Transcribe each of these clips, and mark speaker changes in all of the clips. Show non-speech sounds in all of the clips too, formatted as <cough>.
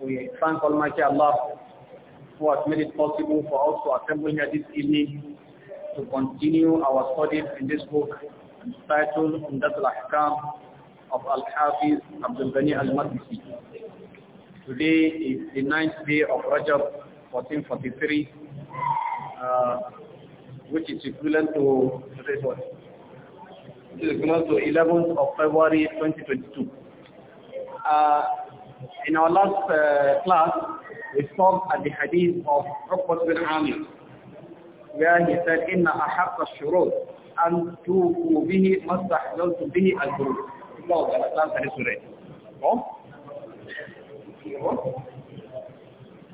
Speaker 1: We thank Almighty Allah who has made it possible for us to assemble here this evening to continue our studies in this book titled Umdat al-Ahkam of Al-Hafiz Abdul Ghani al-Madisi. Today is the ninth day of Rajab 1443, uh, which is equivalent to today's what? It is equivalent to 11th of February 2022. Uh, in our last uh, class, we stopped at the hadith of Uqbat bin Amir, where he said, إِنَّ أَحَقَّ الشُّرُوطِ أَنْ تُوْقُوا بِهِ مَسْتَحْلَلْتُمْ بِهِ الْبُرُوطِ الله تعالى the سورة. Oh?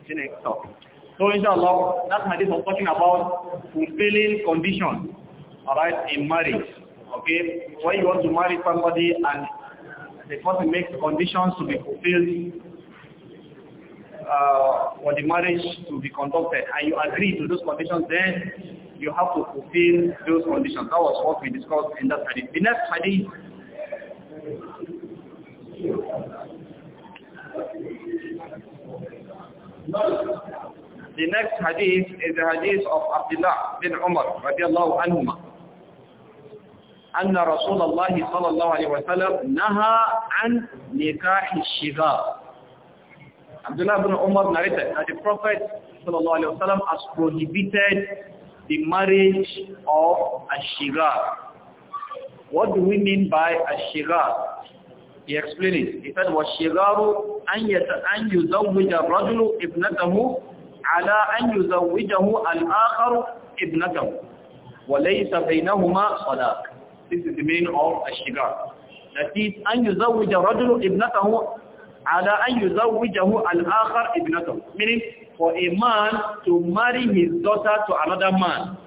Speaker 1: Next talk. So inshallah, that hadith was talking about fulfilling conditions, alright, in marriage. Okay, when you want to marry somebody and the person makes conditions to be fulfilled uh, for the marriage to be conducted and you agree to those conditions, then you have to fulfill those conditions. That was what we discussed in that hadith. The next hadith The next hadith is the hadith of Abdullah bin Umar radiallahu anhumah. أن رسول الله صلى الله عليه وسلم نهى عن نكاح الشغار Abdullah ibn Umar narrated that the Prophet صلى الله عليه وسلم has prohibited the marriage of a shigar. What do we mean by a shigar? He explained it. He said, وَالشِّغَارُ أَنْ يُزَوِّجَ الرَّجُلُ ابْنَتَهُ عَلَىٰ أَنْ يُزَوِّجَهُ الْآخَرُ ابْنَتَهُ وَلَيْسَ بَيْنَهُمَا صَلَاقٌ This is the meaning of Ashigar. That is, أن يزوج رجل ala على أن al الآخر ابنته. Meaning, for a man to marry his daughter to another man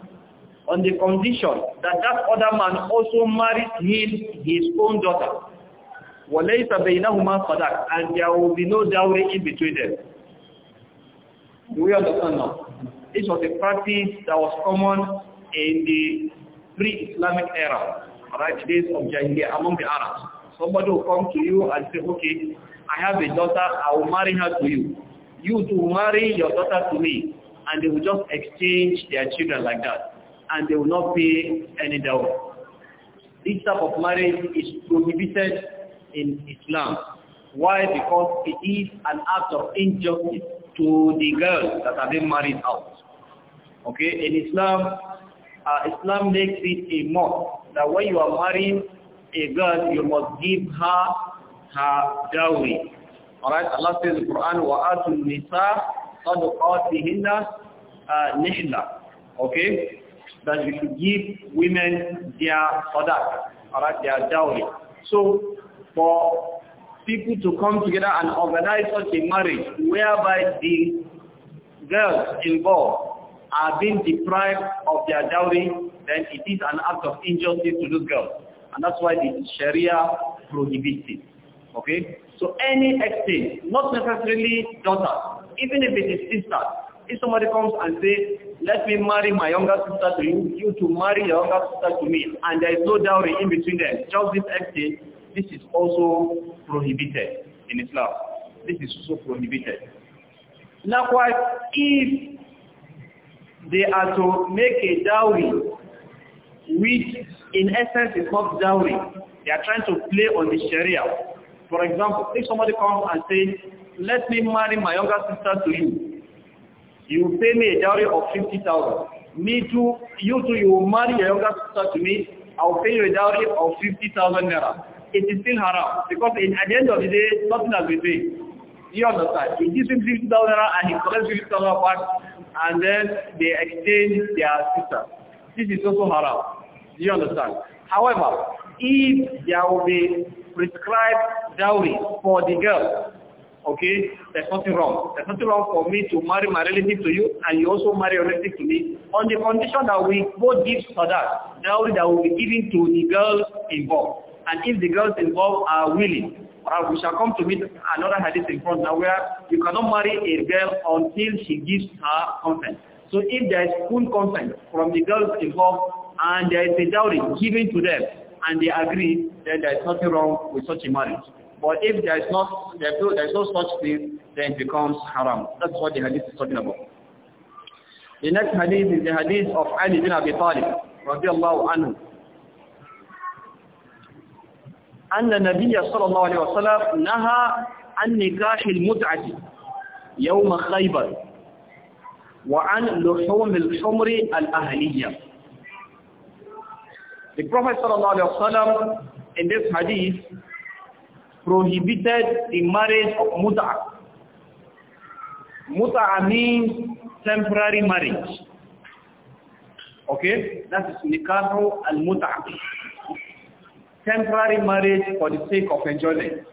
Speaker 1: on the condition that that other man also marries him his own daughter. وَلَيْسَ بَيْنَهُمَا صَدَقْ And there will be no dowry in between them. Do we understand now? This was a practice that was common in the pre-Islamic era. right, days of Jahiliyyah among the Arabs. Somebody will come to you and say, okay, I have a daughter, I will marry her to you. You to marry your daughter to me. And they will just exchange their children like that. And they will not pay any dowry. This type of marriage is prohibited in Islam. Why? Because it is an act of injustice to the girls that are being married out. Okay, in Islam, uh, Islam makes it a must that when you are marrying a girl, you must give her her dowry. Alright, Allah says in the Quran, وَآتُ النِّسَىٰ صَدُقَاتِهِنَّ نِحْلَةً Okay? That you should give women their sadaq, alright, their dowry. So, for people to come together and organize such a marriage whereby the girls involved are being deprived of their dowry, then it is an act of injustice to those girls. And that's why the Sharia prohibits it. Okay? So any exchange, not necessarily daughter, even if it is sister, if somebody comes and says, let me marry my younger sister to you, you to marry your younger sister to me, and there is no dowry in between them, just this exchange, this is also prohibited in Islam. This is also prohibited. Likewise, if they are to make a dowry, which in essence is not dowry. They are trying to play on the Sharia. For example, if somebody comes and says, let me marry my younger sister to you, you pay me a dowry of 50,000. Me too, you too, you will marry your younger sister to me, I'll pay you a dowry of 50,000 naira. It is still haram because in, at the end of the day, nothing has been paid. You understand? He gives him 50,000 naira and he collects 50,000 back and then they exchange their sister. This is also haram. Do you understand? However, if there will be prescribed dowry for the girl, okay, there's nothing wrong. There's nothing wrong for me to marry my relative to you and you also marry your relative to me on the condition that we both give sadaq, dowry that will be given to the girls involved. And if the girls involved are willing, Uh, we shall come to meet another hadith in front now where you cannot marry a girl until she gives her consent. So if there is full consent from the girls involved and there is a dowry given to them and they agree, then there is nothing wrong with such a marriage. But if there is not there is no, such thing, then it becomes haram. That's what the hadith is talking about. The next hadith is the hadith of Ali bin Abi Talib, radiallahu anhu. أن النبي صلى الله عليه وسلم نهى عن نكاح المتعة يوم خيبر وعن لحوم الحمر الأهلية The Prophet صلى الله عليه وسلم in this hadith prohibited the marriage of mut'a. Mut'a means temporary marriage. Okay? That is nikahu al-mut'a. temporary marriage for the sake of enjoyment.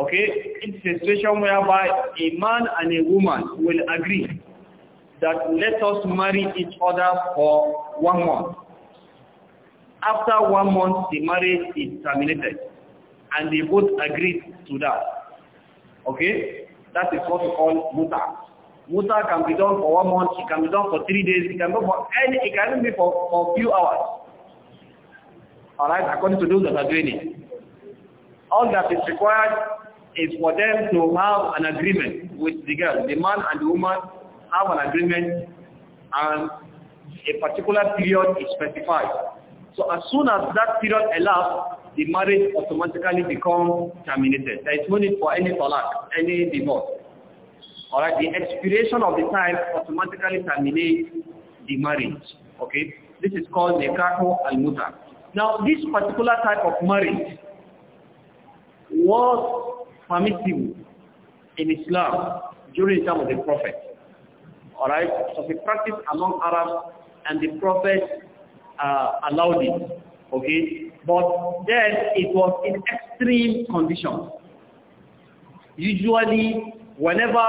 Speaker 1: Okay, it's a situation whereby a man and a woman will agree that let us marry each other for one month. After one month, the marriage is terminated, and they both agreed to that. Okay, that is what we call muta. Muta can be done for one month, it can be done for three days, it can be done for any, it can be for, for a few hours. All right, according to those that are doing it. All that is required is for them to have an agreement with the girl. The man and the woman have an agreement and a particular period is specified. So as soon as that period elapses, the marriage automatically becomes terminated. There is no need for any talak, any divorce. Alright, the expiration of the time automatically terminates the marriage. Okay, this is called nekaho al-muta. Now, this particular type of marriage was permissible in Islam during the time of the Prophet. Alright, so it was a practice among Arabs and the Prophet uh, allowed it. Okay, but then it was in extreme conditions. Usually, whenever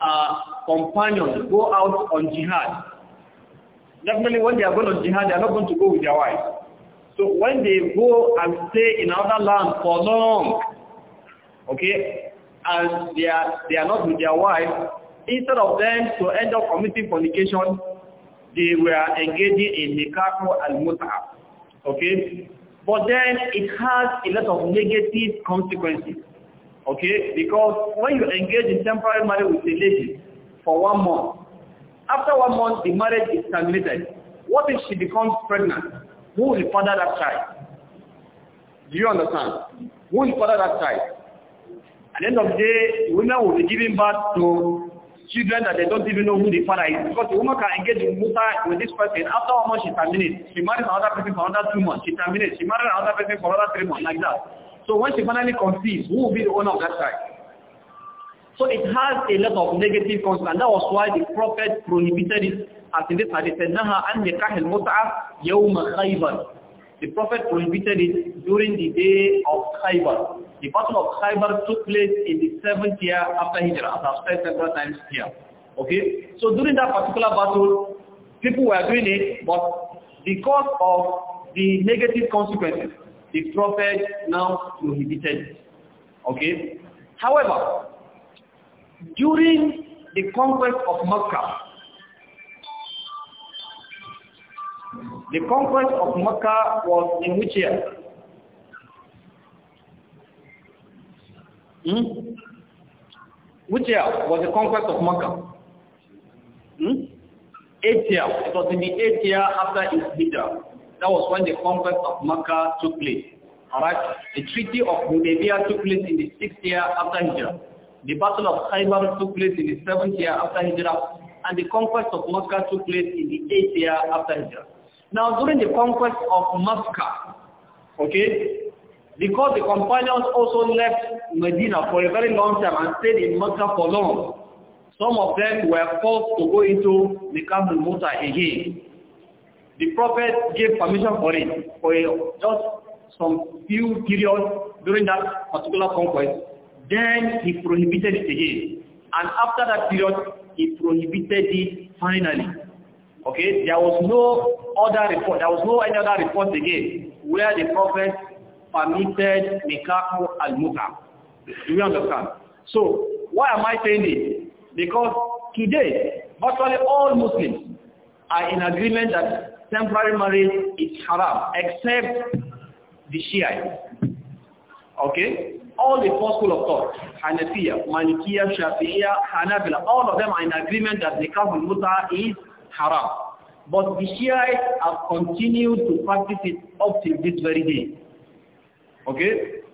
Speaker 1: uh, companions go out on jihad, definitely when they are going on jihad, they are not going to go with their wives. So when they go and stay in another land for long, okay, and they are, they are not with their wife, instead of them to end up committing fornication, they were engaging in nikah al muta, Okay? But then it has a lot of negative consequences. Okay? Because when you engage in temporary marriage with a lady for one month, after one month the marriage is terminated. What if she becomes pregnant? Who will father that child? Do you understand? Who will father that child? At the end of the day, the women will be giving birth to children that they don't even know who the father is. Because the woman can engage in muta with this person. After how much she terminates. She marries another person for another two months. She terminates. She marries another person for another three months, like that. So when she finally conceives, who will be the owner of that child? So it has a lot of negative consequences. And that was why the prophet prohibited it as in this hadith, Naha an nikahil mut'a yawma khaybar. The Prophet prohibited it during the day of Khaybar. The Battle of Khaybar took place in the seventh year after Hijrah, as I've said several times here. Okay? So during that particular battle, people were doing it, but because of the negative consequences, the Prophet now prohibited it. Okay? However, during the conquest of Makkah, The conquest of Mecca was in which year? Hmm? Which year was the conquest of Mecca? Hmm? Eighth year. It was in the eighth year after its leader. That was when the conquest of Mecca took place. Alright? The Treaty of Hudaybiyah took place in the sixth year after Hijrah. The Battle of Khaybar took place in the seventh year after Hijrah. And the conquest of Mecca took place in the eighth year after Hijrah. Now, during the conquest of Mecca, okay, because the companions also left Medina for a very long time and stayed in Mecca for long, some of them were forced to go into the camp of Muta again. The Prophet gave permission for it for just some few periods during that particular conquest. Then he prohibited it again. And after that period, he prohibited it finally. Okay, there was no other report, there was no any other report again where the Prophet permitted Nikahu al-Muta. Do you understand? So, why am I saying this? Because today, virtually all Muslims are in agreement that temporary marriage is haram, except the Shiites. Okay? All the four school of thought, Hanafiya, Malikiya, Shafiya, Hanabila, all of them are in agreement that Nikah al-Muta is haram. But the Shiites have continued to practice it up till this very day. Okay?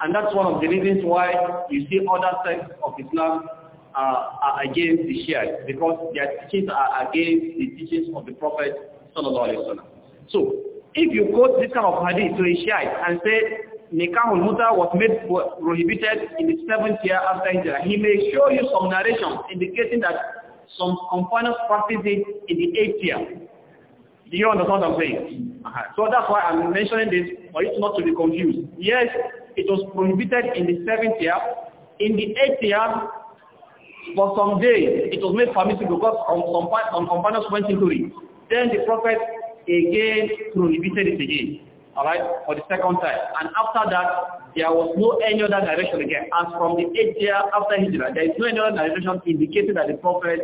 Speaker 1: And that's one of the reasons why you see other sects of Islam uh, are against the Shiites because their teachings are against the teachings of the Prophet So, if you quote this kind of hadith to a Shiite and say, Nikahul Muta was made prohibited in the seventh year after Hijrah, he may show you some narrations indicating that some components practice it in the eighth year. Do you understand what I'm saying? Uh -huh. So that's why I'm mentioning this for you not to be confused. Yes, it was prohibited in the seventh year. In the eighth year, for some days, it was made permissible because some, some, some companions went into it. Then the prophet again prohibited it again. alright, for the second time. And after that, there was no any other direction again. As from the eighth year after Hijrah, there is no any other direction indicating that the Prophet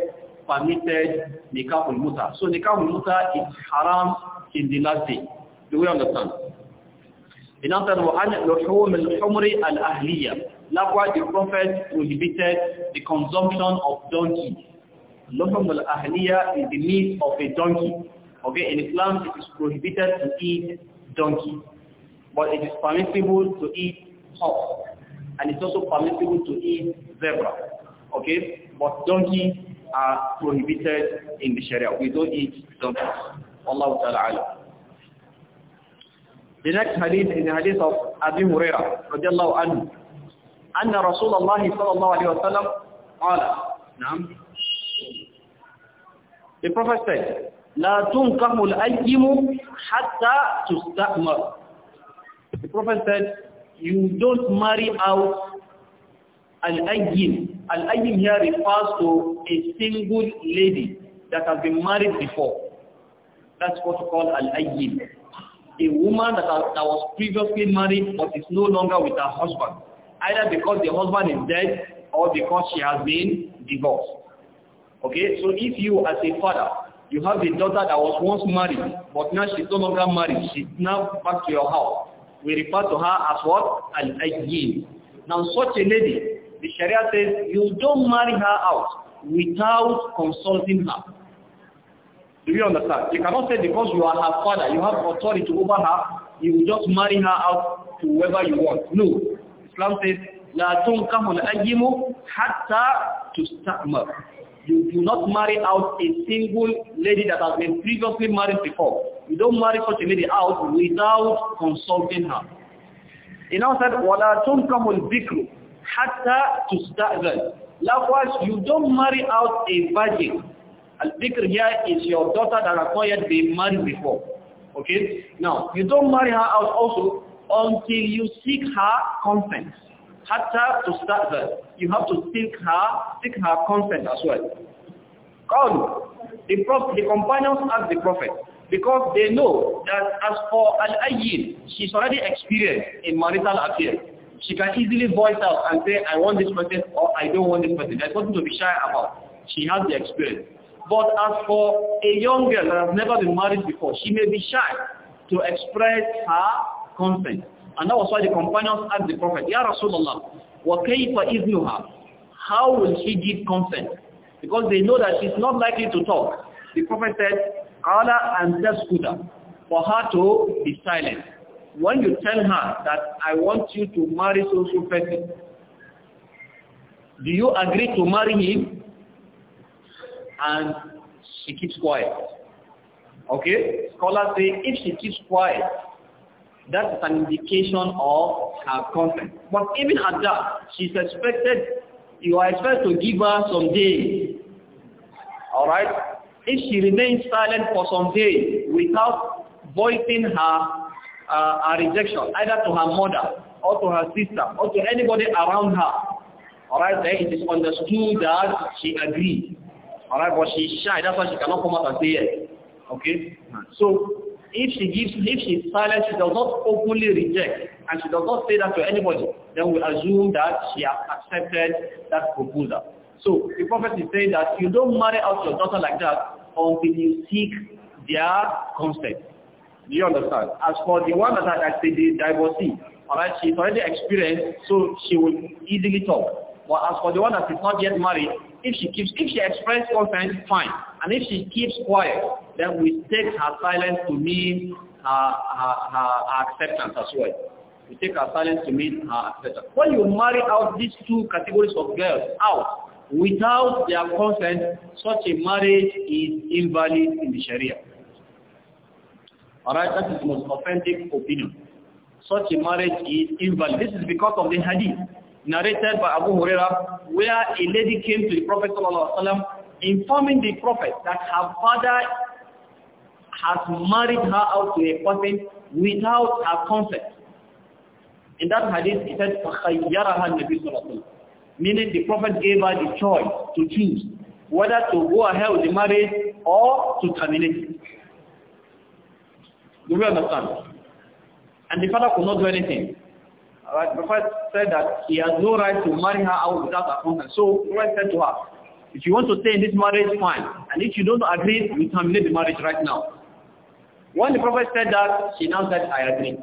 Speaker 1: permitted Nikah al-Muta. So Nikah al-Muta is haram in the last day. Do we understand? In answer, وَعَنْ Likewise, the Prophet prohibited the consumption of donkey. Luhum al-Ahliya is the meat of a donkey. Okay, in Islam, it is prohibited to eat donkey. But it is permissible to eat horse. And it's also permissible to eat zebra. Okay? But donkeys are prohibited in the Sharia. We don't eat donkeys. Allah Ta'ala The next hadith is the hadith of Abi Huraira radiallahu anhu. أن رسول الله صلى الله عليه وسلم قال نعم The Prophet said, La tunkahu al hatta tustamar. The Prophet said, you don't marry out al-ayyim. Al-ayyim here refers to a single lady that has been married before. That's what we call al-ayyim. A woman that, that was previously married but is no longer with her husband, either because the husband is dead or because she has been divorced. Okay, so if you as a father you have a daughter that was once married, but now she's no longer married. She's now back to your house. We refer to her as what? an ayyin Now such a lady, the Sharia says, you don't marry her out without consulting her. Do you understand? You cannot say because you are her father, you have authority over her, you will just marry her out to whoever you want. No. Islam says, لا تنكح الأيم حتى تستأمر you do not marry out a single lady that has been previously married before. You don't marry such a lady out without consulting her. He now said, وَلَا تُنْكَمُ الْبِكْرُ حَتَّى تُسْتَأْذَنْ Likewise, you don't marry out a virgin. Al-Bikr here is your daughter that has not yet been married before. Okay? Now, you don't marry her out also until you seek her consent hatta to start that. You have to seek her, seek her consent as well. Qalu, the, prophet, the companions ask the prophet, because they know that as for Al-Ayyin, she's already experienced in marital affairs. She can easily voice out and say, I want this person or I don't want this person. There's nothing to be shy about. She has the experience. But as for a young girl that has never been married before, she may be shy to express her consent. And that was why the companions asked the Prophet, Ya Rasulullah, وَكَيْفَ إِذْنُهَا How will she give consent? Because they know that she's not likely to talk. The Prophet said, Allah and تَسْكُدَ For her to be silent. When you tell her that I want you to marry social person, do you agree to marry him? And she keeps quiet. Okay? Scholars say if she keeps quiet, that is an indication of her consent. But even at that, she's expected, you are expected to give her some days. Alright? If she remains silent for some days without voicing her, uh, rejection, either to her mother or to her sister or to anybody around her, alright, then it is understood that she agreed. Alright, but she's shy, that's why she cannot come out and say it. Okay? So if she gives, if she is silent, she does not openly reject, and she does not say that to anybody, then we assume that she has accepted that proposal. So the prophet is saying that you don't marry out your daughter like that until you seek their consent. Do you understand? As for the one that I said, the divorcee, alright, she's already experienced, so she will easily talk. But as for the one that is not yet married, if she keeps, if she expresses consent, fine. And if she keeps quiet, then we take her silence to mean her, her, her, her acceptance as well. We take her silence to mean her acceptance. When you marry out these two categories of girls out without their consent, such a marriage is invalid in the Sharia. Alright, that is the most authentic opinion. Such a marriage is invalid. This is because of the hadith narrated by Abu Hurairah where a lady came to the Prophet ﷺ informing the Prophet that her father has married her out to a person without her consent. In that hadith, it says Meaning the Prophet gave her the choice to choose whether to go ahead with the marriage or to terminate it. Do we understand? And the father could not do anything. Right? The Prophet said that he has no right to marry her out without her consent. So the Prophet said to her, if you want to stay in this marriage, fine. And if you don't agree, we terminate the marriage right now. When the prophet said that, she now said, I agree.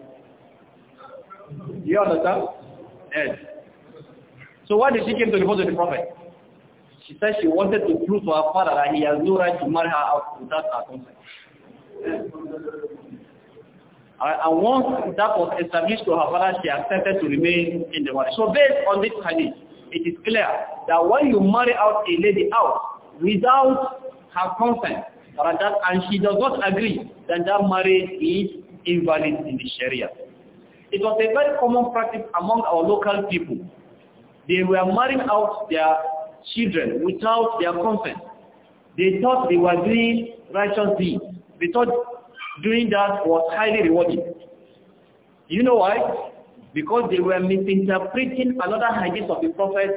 Speaker 1: Do you understand? Yes. So why did she came to report to the prophet? She said she wanted to prove to her father that he has no right to marry her out without her consent. And once that was established to her father, she accepted to remain in the marriage. So based on this hadith, it is clear that when you marry out a lady out without her consent, that, and she does not agree, then that marriage is invalid in the Sharia. It was a very common practice among our local people. They were marrying out their children without their consent. They thought they were doing righteous deeds. They thought doing that was highly rewarding. You know why? Because they were misinterpreting another hadith of the Prophet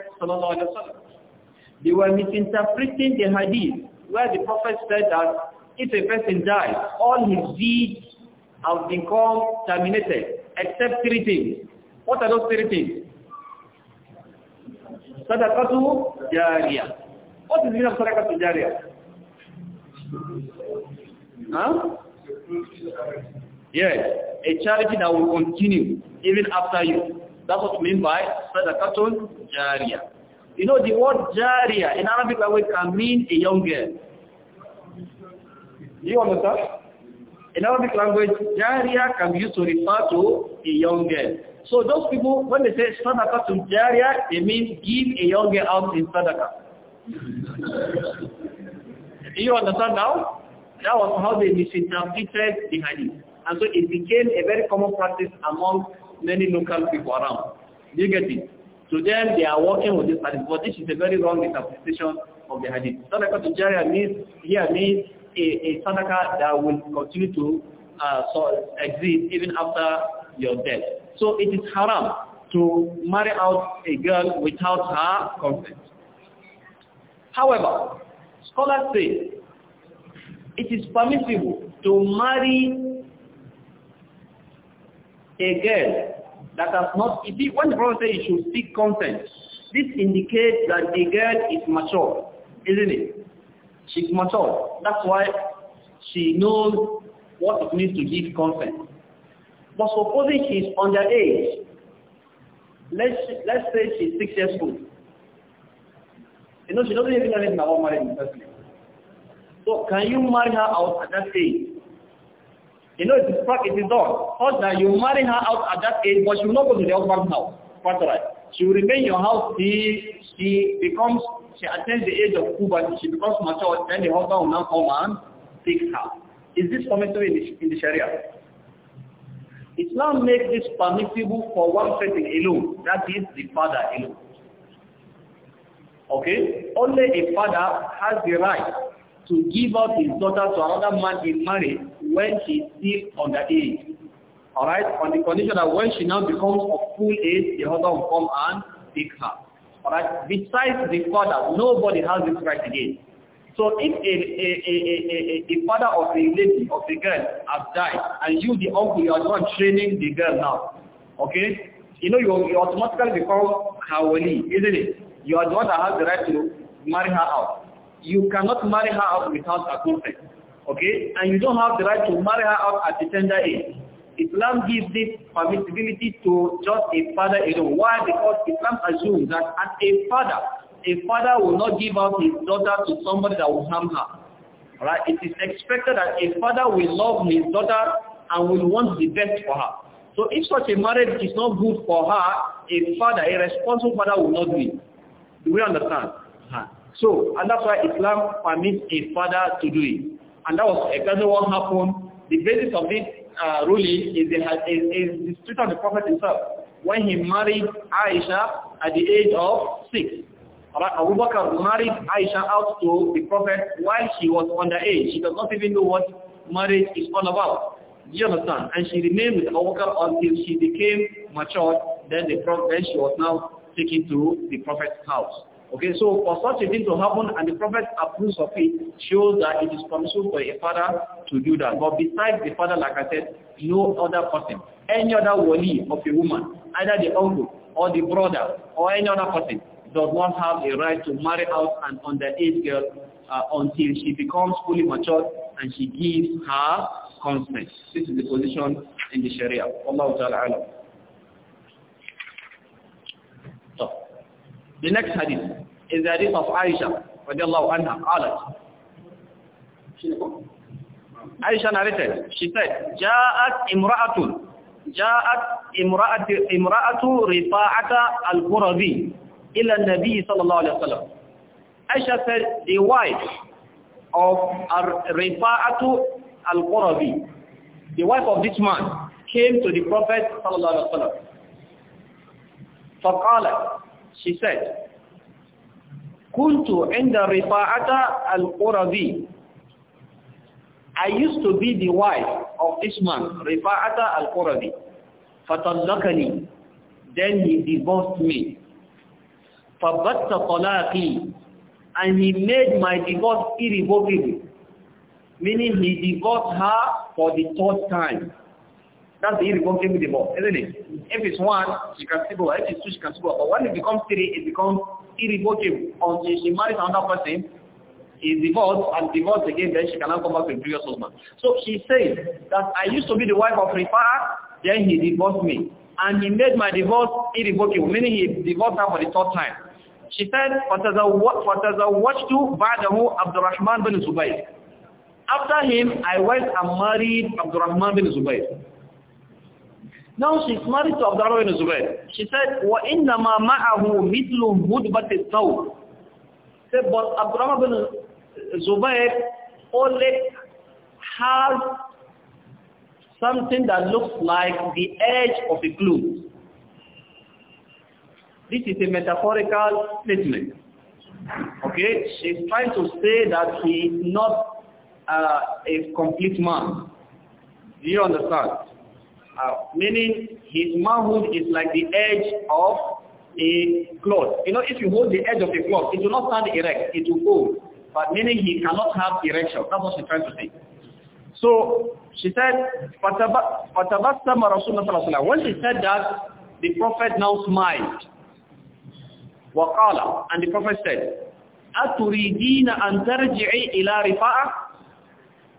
Speaker 1: They were misinterpreting the hadith where the prophet said that if a person dies, all his deeds have become terminated, except three things. What are those three things? Sadaqatu jariyah. What is the meaning of sadaqatu jariyah? Huh? Yes, a charity that will continue even after you. That's what we mean by sadaqatu jariyah. You know, the word jariya in Arabic language can mean a young girl. Do you understand? In Arabic language, jariya can be used to refer to a young girl. So those people, when they say "sadaqa to jariya, they mean give a young girl out in sadaqah. Do you understand now? That was how they misinterpreted the hadith. And so it became a very common practice among many local people around. Do you get it? To them, they are working with this hadith, but this is a very wrong interpretation of the hadith. Sadaqah to Jariah means, here means a, a sadaqah that will continue to uh, so exist even after your death. So it is haram to marry out a girl without her consent. However, scholars say it is permissible to marry a girl that has not, you when the Prophet says you should seek consent, this indicates that the girl is mature, isn't it? She's mature. That's why she knows what it means to give consent. But supposing she's underage, let's, let's say she's six years old. You know, she doesn't even know anything about marriage in So can you marry her out at that age? You know, it is, it is done. Such you marry her out at that age, but she will not go to the husband's house. Quite right. She will remain in your house She she becomes, she attains the age of puberty, she becomes mature, then the husband will now come and take her. Is this permissible in the, in the Sharia? Islam makes this permissible for one person alone, that is the father alone. Okay? Only a father has the right to give up his daughter to another man in marriage when she is still underage. Alright, on the condition that when she now becomes of full age, the husband will come and take her. Alright, besides the father, nobody has this right again. So if a, a, a, a, a, a father of the lady, of the girl, has died, and you, the uncle, you are the one training the girl now, okay? You know, you, you automatically become her isn't it? You are the one that has the right to marry her out you cannot marry her out without a consent. Okay? And you don't have the right to marry her out at the tender age. Islam gives this permissibility to just a father alone. Why? Because Islam assumes that as a father, a father will not give out his daughter to somebody that will harm her. All right? It is expected that a father will love his daughter and will want the best for her. So if such a marriage is not good for her, a father, a responsible father will not do it. Do we understand? So, and that's why Islam permits a father to do it. And that was exactly what happened. The basis of this uh, ruling is the, is, is the street of the Prophet himself. When he married Aisha at the age of six, Abu Bakr married Aisha out to the Prophet while she was underage. She does not even know what marriage is all about. Do you understand? And she remained with Abu Bakr until she became mature. Then the Prophet, then she was now taken to the Prophet's house. Okay, so for such a thing to happen and the Prophet approves of it, shows that it is permissible for a father to do that. But besides the father, like I said, no other person, any other wali of a woman, either the uncle or the brother or any other person, does not have a right to marry out an underage girl uh, until she becomes fully matured and she gives her consent. This is the position in the Sharia. Allah Ta'ala the next hadith. إذا رفض عائشة رضي الله عنها قالت عائشة narrated she said جاءت امرأة جاءت امرأة امرأة رفاعة القربي إلى النبي صلى الله عليه وسلم Aisha said the wife of رفاعة القربي the wife of this man came to the Prophet صلى الله عليه وسلم فقالت she said Kuntu inda Rifa'ata al I used to be the wife of this man, Rifa'ata al-Qurazi. Fatallakani. Then he divorced me. Fabatta talaqi. And he made my divorce irrevocable. Meaning he divorced her for the third time. That's the Igbo thing with the ball, isn't it? If it's one, she can still If it's two, she can still But when it becomes three, it becomes irrevocable. Until she marries another person, is divorced and divorced again, then she cannot come back to the previous husband. So she says that I used to be the wife of Rifat, then he divorced me. And he made my divorce irrevocable, meaning he divorced her for the third time. She said, فَتَزَوَّجْتُ بَعْدَهُ عَبْدُ Abdurrahman bin Zubayr. After him, I went and married Abdurrahman bin Zubayr. Now she's married to Abdullah ibn Zubayr. She said, وَإِنَّمَا مَعَهُ مِثْلُ هُدْبَةِ الثَّوْبِ Said, but Abdullah ibn Zubair only has something that looks like the edge of a glue. This is a metaphorical statement. Okay, she's trying to say that he is not uh, a complete man. Do you understand? Uh, meaning his manhood is like the edge of a cloth. You know, if you hold the edge of a cloth, it will not stand erect, it will fold. But meaning he cannot have erection. That's what she's trying to say. So she said, فَتَبَسَّمَ رَسُولُ صَلَى When she said that, the Prophet now smiled. وَقَالَ And the Prophet said,
Speaker 2: أَتُرِيدِينَ
Speaker 1: أَن تَرْجِعِي إِلَى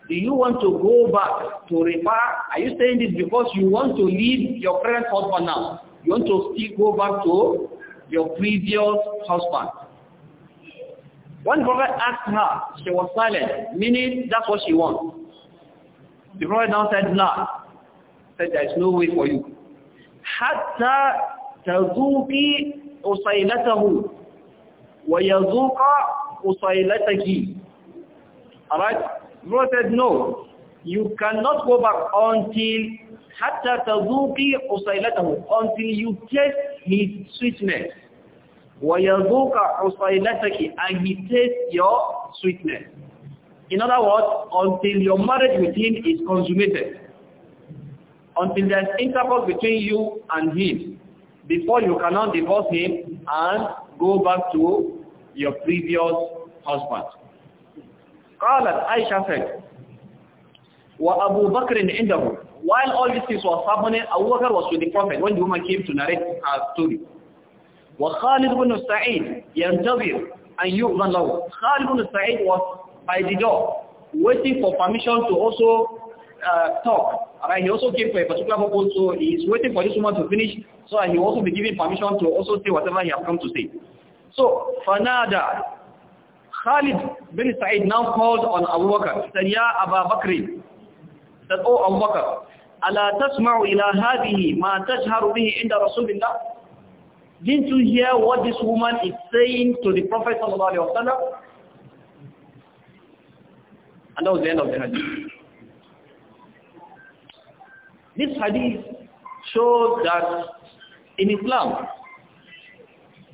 Speaker 1: do you want to go back to refer? Are you saying this because you want to leave your present husband now? You want to still go back to your previous husband? When Prophet asked her, she was silent, meaning that's what she wants. The Prophet now said, no. Said, there is no way for you. حتى تذوقي أصيلته ويذوق أصيلتك. Alright? The said, no, you cannot go back until حتى تذوقي حصيلته until you taste his sweetness ويذوق حصيلتك and he tastes your sweetness in other words until your marriage with him is consummated until there's intercourse between you and him before you cannot divorce him and go back to your previous husband قالت Aisha said, وَأَبُو بَكْرٍ عِنْدَهُ While all these things were happening, Abu Bakr was with the Prophet when the woman came to narrate her story. وَخَالِدْ بُنُ سَعِيدٍ يَنْتَظِرْ أَنْ يُؤْذَنْ لَهُ Khalid ibn Sa'id was by the door, waiting for permission to also uh, talk. Right? He also came for a particular purpose, so he is waiting for this woman to finish, so he will also be given permission to also say whatever he has come to say. So, فَنَادَى Khalid bin Sa'id now called on Abu Bakr, said, Ya Abu Bakr, said, Oh Abu Bakr, أَلَا تَسْمَعُ إِلَى هَذِهِ مَا تَجْهَرُ بِهِ عِنْدَ اللَّهِ Didn't you hear what this woman is saying to the Prophet sallallahu And that was the end of the hadith. This hadith shows that in Islam,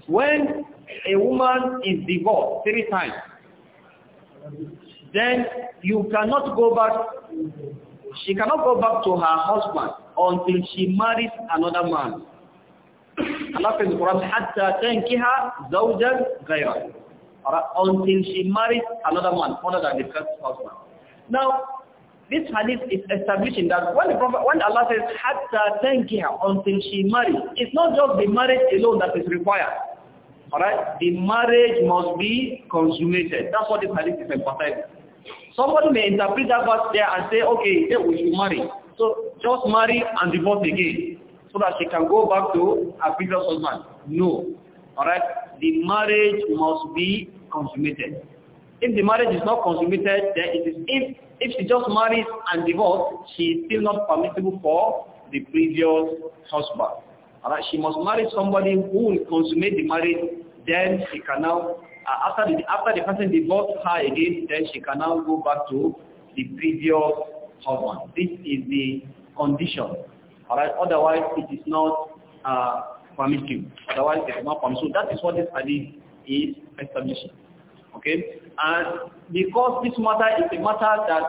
Speaker 1: when a woman is divorced three times, then you cannot go back, she cannot go back to her husband until she marries another man. <coughs> Allah says حَتَّى تَنْكِهَا زَوْجًا غَيْرًا Until she marries another man other than the first husband. Now, this hadith is establishing that when, Prophet, when Allah says, حَتَّى تَنْكِهَا Until she marries, it's not just the marriage alone that is required. Alright? The marriage must be consummated. That's what the hadith is emphasizing. Somebody may interpret that verse there and say, okay, yeah, we should marry. So just marry and divorce again so that she can go back to her previous husband. No. Alright? The marriage must be consummated. If the marriage is not consummated, then it is if if she just marries and divorce, she is still not permissible for the previous husband. Alright, she must marry somebody who will consummate the marriage, then she can now, uh, after, the, after the person divorced her again, then she can now go back to the previous husband. This is the condition. Alright, otherwise it is not uh, permissible. Otherwise it is not permissible. That is what this hadith is establishing. Okay? And because this matter is a matter that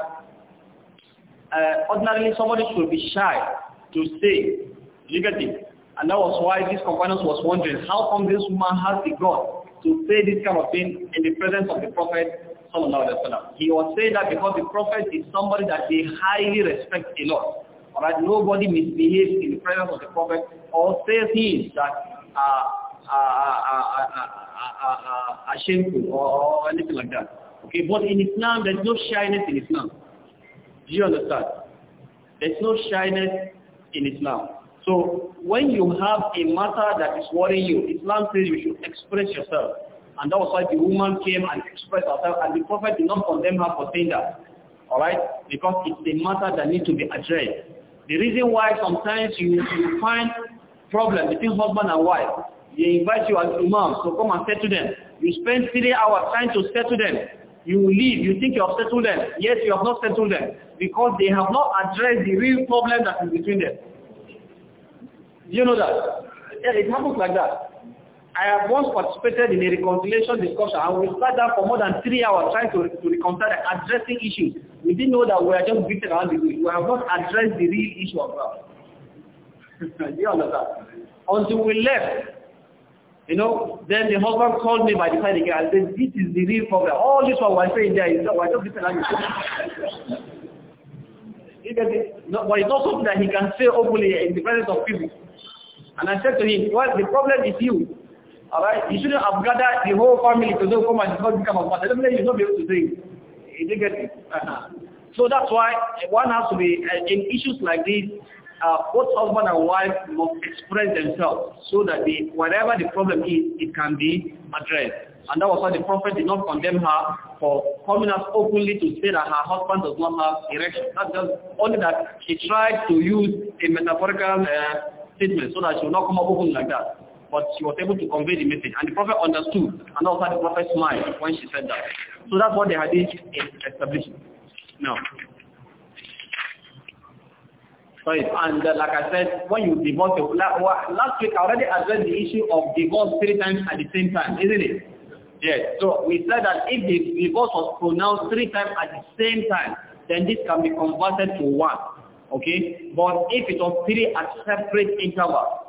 Speaker 1: uh, ordinarily somebody should be shy to say negative and that was why these companions was wondering, how come this woman has the God to say this kind of thing in the presence of the prophet He was saying that because the prophet is somebody that they highly respect a lot. Alright, nobody misbehaves in the presence of the prophet or says things that are, uh, uh, uh, shameful or, or anything like that. Okay, but in Islam, there's no shyness in Islam. Do you understand? There's no shyness in Islam. So when you have a matter that is worrying you, Islam says you should express yourself. And that was why the woman came and expressed herself and the Prophet did not condemn her for saying that. Alright? Because it's a matter that needs to be addressed. The reason why sometimes you, you find problem between husband and wife, they invite you as imam, so come and settle them. You spend three hours trying to settle them. You leave, you think you have settled them. Yes, you have not settled them because they have not addressed the real problem that is between them. You know that? Yeah, it happens like that. I have once participated in a reconciliation discussion and we sat down for more than three hours trying to, to reconcile addressing issues. We didn't know that we are just beating around the bush. We have not addressed the real issue of love. <laughs> you understand? Until we left, you know, then the husband called me by the side again and said, this is the real problem. All this one we're saying there is we're just beating around the bush. <laughs> no, but it's not something that he can say openly in the presence of people. And I said to him, well, the problem is you. Alright, you shouldn't have gathered the whole family to come and not become a pastor. Definitely you'll not be able to do it. didn't get it. Uh-huh. So that's why one has to be, uh, in issues like this, uh, both husband and wife must express themselves so that the, whatever the problem is, it can be addressed. And that was why the prophet did not condemn her for coming out openly to say that her husband does not have erection. That's just only that she tried to use a metaphorical uh, statement so that she will not come up open like that. But she was able to convey the message. And the Prophet understood. And also the Prophet smiled when she said that. So that's what the hadith is establishing. Now. Sorry, and uh, like I said, when you divorce, like, last week I already addressed the issue of divorce three times at the same time, isn't it? Yes. So we said that if the divorce was pronounced three times at the same time, then this can be converted to one. Okay? But if it was three at separate intervals,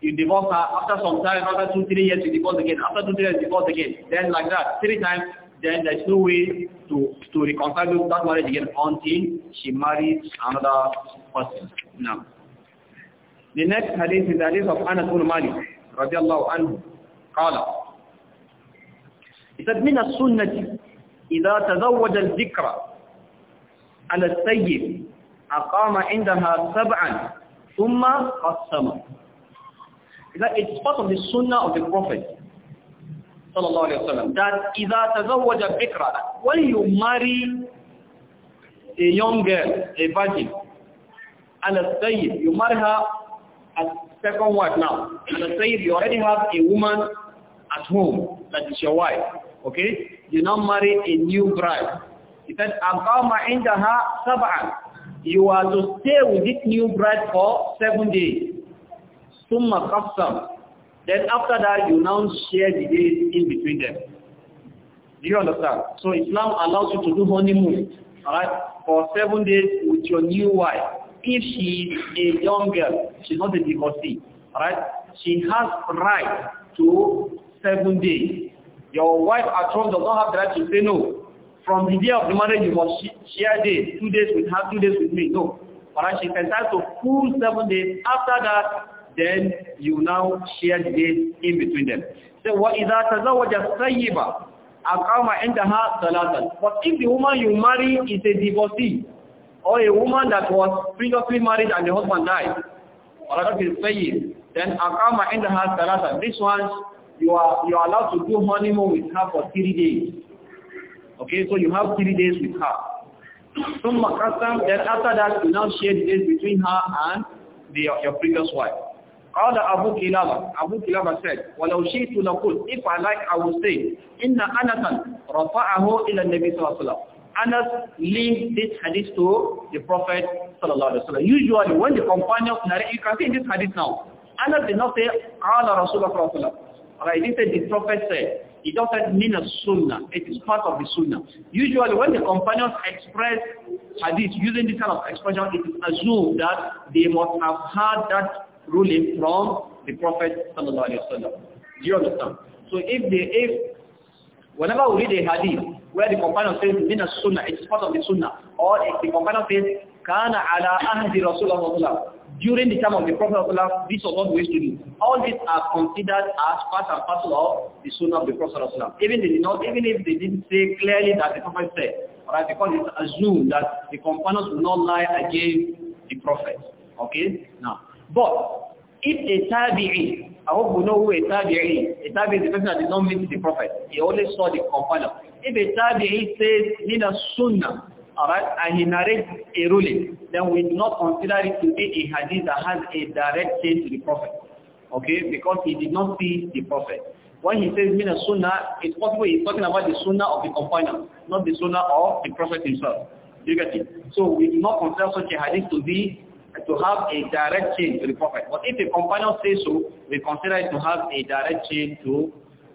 Speaker 1: you divorce her after some time, after two, three years, you divorce again, after two, three years, you divorce again, then like that, three times, then there's no way to, to reconcile that marriage again until she marries another person. Now, the next hadith is the hadith of Anas bin Malik, radiallahu anhu, qala, He said, من السنة إذا تزوج الذكر على السيد أقام عندها سبعا ثم قسم that it's part of the sunnah of the Prophet صلى الله عليه وسلم that إذا تزوج بكرة when you marry a young girl, a virgin and a sayyid, you marry her as second wife now and a sayyid, you already have a woman at home that is your wife okay, you now marry a new bride he said أقام عندها سبعا you are to stay with this new bride for seven days. Summa custom. Then after that, you now share the days in between them. Do you understand? So Islam allows you to do honeymoon, alright, for seven days with your new wife. If she is a young girl, she's not a divorcee, alright, she has right to seven days. Your wife at home does not have the right to say no from the day of the marriage you must share day, two days with her, two days with me. No. but she can start to full seven days. After that, then you now share the days in between them. So what is that? وَإِذَا تَزَوَّجَ السَّيِّبَ أَقَامَ عِنْدَهَا ثَلَاثًا But if the woman you marry is a divorcee, or a woman that was previously married and the husband died, or that is saying, then أَقَامَ عِنْدَهَا ثَلَاثًا This one, you are, you are allowed to do honeymoon with her for three days. Okay, so you have three days with her. Some custom, then after that, you now share the days between her and the, your previous wife. قال أبو كلابة أبو كلابة said ولو شئت لقول if I like I will say إن أنسا رفعه إلى النبي صلى الله عليه وسلم Anas linked this hadith to the Prophet sallallahu alaihi wasallam. Usually when the companions narrate, you can see this hadith now. Anas did not say, "Ala Rasulullah sallallahu Alright, he said the prophet said. It doesn't mean a sunnah. It is part of the sunnah. Usually when the companions express hadith using this kind of expression, it is assumed that they must have heard that ruling from the Prophet sallallahu alaihi wasallam. Do you understand? So if they, if whenever we read a hadith where the companion says a sunnah, it's part of the sunnah, or if the companion says kana ala ahdi Rasulullah during the time of the Prophet of Allah, this was what we used to do. All these are considered as part and parcel of the Sunnah of the Prophet of Allah. Even, they did not, even if they didn't say clearly that the Prophet said, right, because it's assumed that the companions will not lie against the Prophet. Okay? Now, but if a tabi'i, I hope you know who a tabi'i, a tabi'i is the person that did not meet the Prophet. He only saw the companions. If a tabi'i says, in a sunnah, Alright, and he narrates a ruling, then we do not consider it to be a hadith that has a direct chain to the Prophet. Okay, because he did not see the Prophet. When he says mina sunnah, it's possible he's talking about the sunnah of the companion, not the sunnah of the Prophet himself. You get it? So we do not consider such a hadith to be to have a direct chain to the Prophet. But if the companion says so, we consider it to have a direct chain to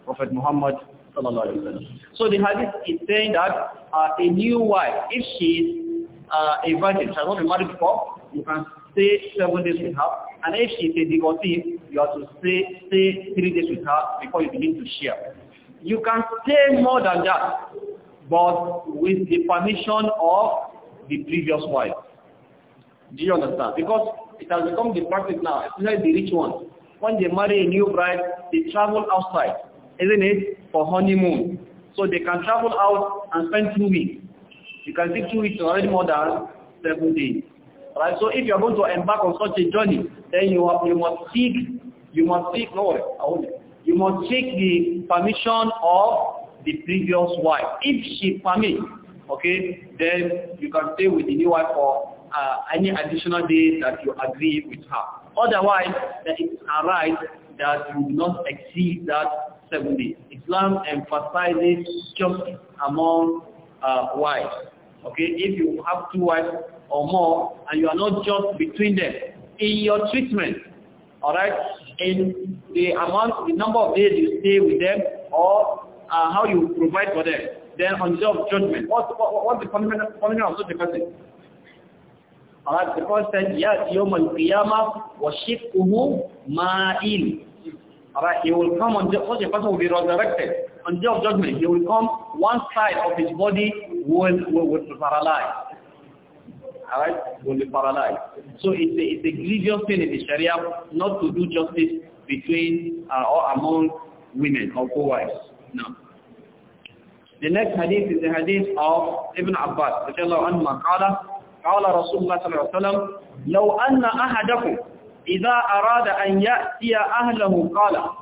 Speaker 1: Prophet Muhammad sallallahu wa sallam. So the hadith is saying that uh, a new wife, if she is uh, a virgin, she has not been married before, you can stay seven days with her. And if she is a divorcee, you have to stay, stay three days with her before you begin to share. You can stay more than that, but with the permission of the previous wife. Do you understand? Because it has become the practice now, especially the rich ones. When they marry a new bride, they travel outside, isn't it, for honeymoon. So they can travel out and spend two weeks. You can see two weeks already more than seven days. Right? So if you're going to embark on such a journey, then you, have, you must seek, you must seek, no, you must seek the permission of the previous wife. If she permits, okay, then you can stay with the new wife for uh, any additional days that you agree with her. Otherwise, then it's a right that you do not exceed that 70. Islam emphasizes justice among uh, wives. Okay, if you have two wives or more and you are not just between them in your treatment, all right, in the amount, the number of days you stay with them or uh, how you provide for them, then on the of judgment, what, what, what's the fundamental fundamental of such a person? All right, the Prophet said, yes, يوم القيامة وشقه مائل Alright, he will come on, such a person will be resurrected. On day of judgment, he will come, one side of his body will, will, will be paralyzed. Alright, will be paralyzed. So it's a, it's a grievous thing in the Sharia not to do justice between uh, or among women or co-wives. No. The next hadith is the hadith of Ibn Abbas. رضي الله عنهما قال قال رسول الله صلى الله عليه وسلم لو أن أحدكم إِذَا أَرَادَ أَنْ يَأْتِيَ أَهْلَهُ qala,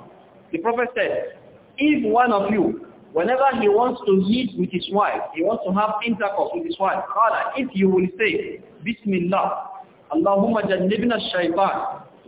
Speaker 1: The Prophet said, if one of you, whenever he wants to meet with his wife, he wants to have intercourse with his wife, qala, If you will say, Bismillah, اللهم جنبنا الشيطان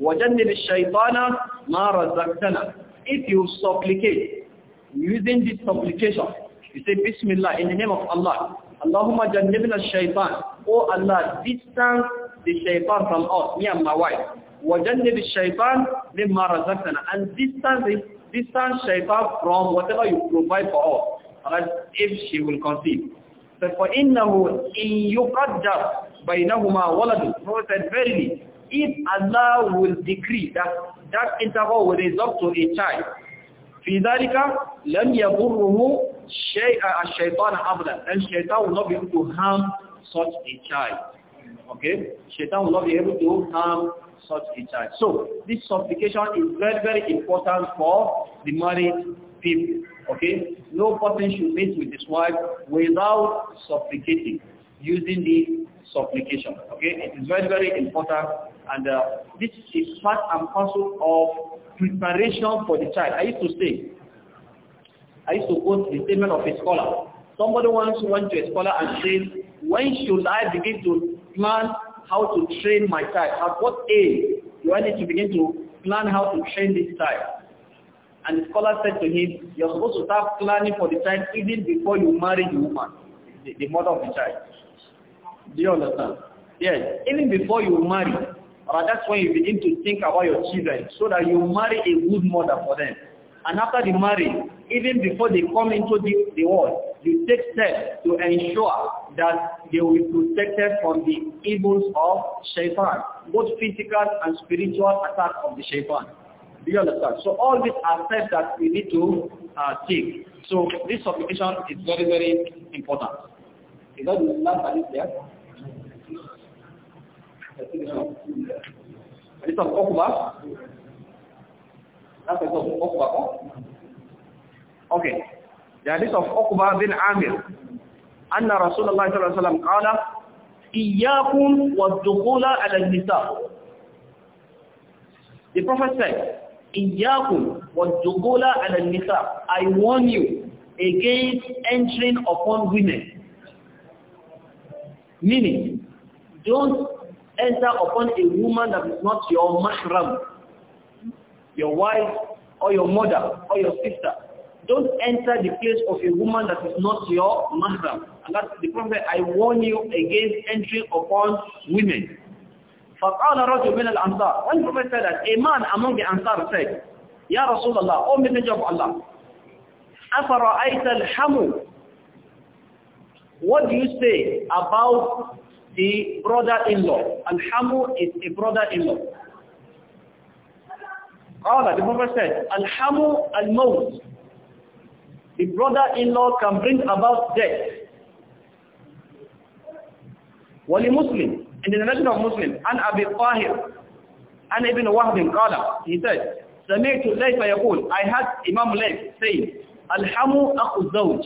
Speaker 1: وجنب shaytana ما رزقتنا if you supplicate using this supplication you say bismillah in the name of Allah اللهم جنبنا shaytan, oh Allah distance the shaytan from us me and my wife وَجَنِّبِ الشَّيْطَانِ مِمَّا رَزَقْتَنَا And distance, distance شيطان from whatever you provide for us, unless if she will conceive. So فَإِنَّهُ إِن يُقَدَّرْ بَيْنَهُمَا وَلَدٌ Prophet said, verily, if Allah will decree that that interval will result to a child, في ذلك لم يضره شيء الشيطان أبدا then الشيطان will not be able to harm such a child okay shaitan will not be able to harm such a child. So this supplication is very, very important for the married people. Okay? No person should mate with his wife without supplicating, using the supplication. Okay? It is very, very important. And uh, this is part and parcel of preparation for the child. I used to say, I used to quote the statement of a scholar. Somebody once went to a scholar and said, when should I begin to plan how to train my child. At what age do I need to begin to plan how to train this child? And the scholar said to him, you're supposed to start planning for the child even before you marry the woman, the, the mother of the child. Do you understand? Yes, even before you marry, that's when you begin to think about your children so that you marry a good mother for them. And after the marriage, even before they come into the, the world, they take steps to ensure that they will be protected from the evils of shaitan, both physical and spiritual attack of the shaitan. Do you understand? So all these are steps that we need to uh, take. So this supplication is very, very important. Is that the last hadith there? Hadith of that's a goal. Uqba, Okay. The hadith of Uqba bin Amir. أن Rasulullah sallallahu صلى الله عليه وسلم wa إياكم والدخول nisa The Prophet said, wa والدخول على nisa I warn you against entering upon women. Meaning, don't enter upon a woman that is not your mahram your wife, or your mother, or your sister. Don't enter the place of a woman that is not your mother. And that's the Prophet, I warn you against entering upon women. فَقَالَ رَجُلْ مِنَ الْأَنْصَارِ When the Prophet said that, a man among the Ansar said, Ya Rasulullah, O Messenger of Allah, أَفَرَأَيْتَ الْحَمُ What do you say about the brother-in-law? Al-Hamu is a brother-in-law. Allah, the Prophet said, Alhamu al-maut. The brother-in-law can bring about death. Wali Muslim, in the narration of Muslim, An Abi Tahir, An Ibn Wahb Qala, he said, Sami'tu Layfa Yaqul, I had Imam Layf saying, Alhamu Akhu Zawj.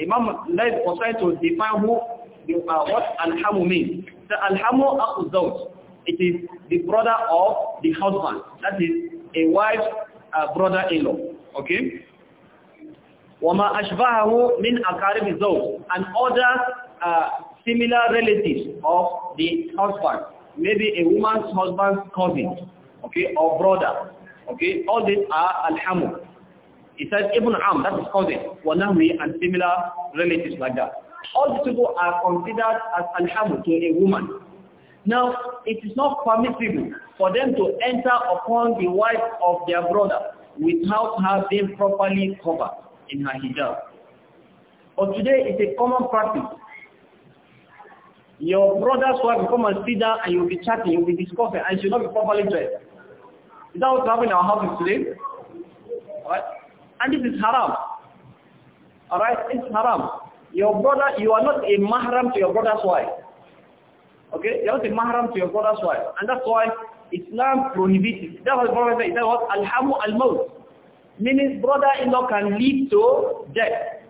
Speaker 1: Imam Layf was trying to define who, uh, what Alhamu means. So Alhamu Akhu Zawj. It is the brother of the husband. That is a wife's uh, brother-in-law. Okay? وَمَا أَشْبَهَهُ مِنْ أَقَارِبِ الزَّوْجِ And other uh, similar relatives of the husband. Maybe a woman's husband's cousin, okay, or brother. Okay, all these are al-hamu. He said Ibn Am, that is cousin, Wanahmi and similar relatives like that. All these people are considered as al to a woman. Now, it is not permissible for them to enter upon the wife of their brother without her being properly covered in her hijab. But today it's a common practice. Your brother's wife will come and sit down and you'll be chatting, you'll be discussing, and she'll not be properly dressed. Is that what's happening in our houses today? right? And this is haram. All right? It's haram. Your brother, you are not a mahram to your brother's wife. Okay? that was a mahram to your brother's wife. And that's why Islam prohibits it. That was brother said. That was Alhamu al-Maut. Meaning brother-in-law can lead to death.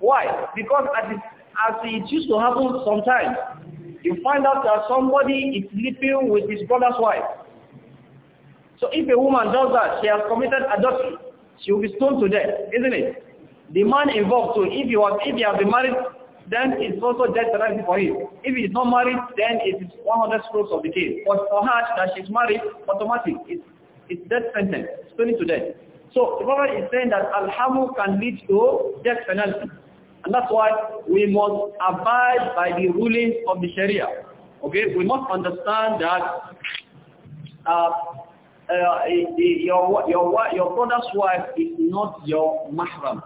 Speaker 1: Why? Because as it, as it used to happen sometimes, you find out that somebody is sleeping with his brother's wife. So if a woman does that, she has committed adultery. She will be stoned to death, isn't it? The man involved too, if you have, if you have been married then it's also death penalty for him. If he's not married, then it is 100 strokes of the case. But for her that she's married, automatic, it's, it's death sentence, stoning to death. So the Prophet is saying that al can lead to death penalty. And that's why we must abide by the rulings of the Sharia. Okay, we must understand that uh, uh, eh, eh, your, your, your brother's wife is not your mahram.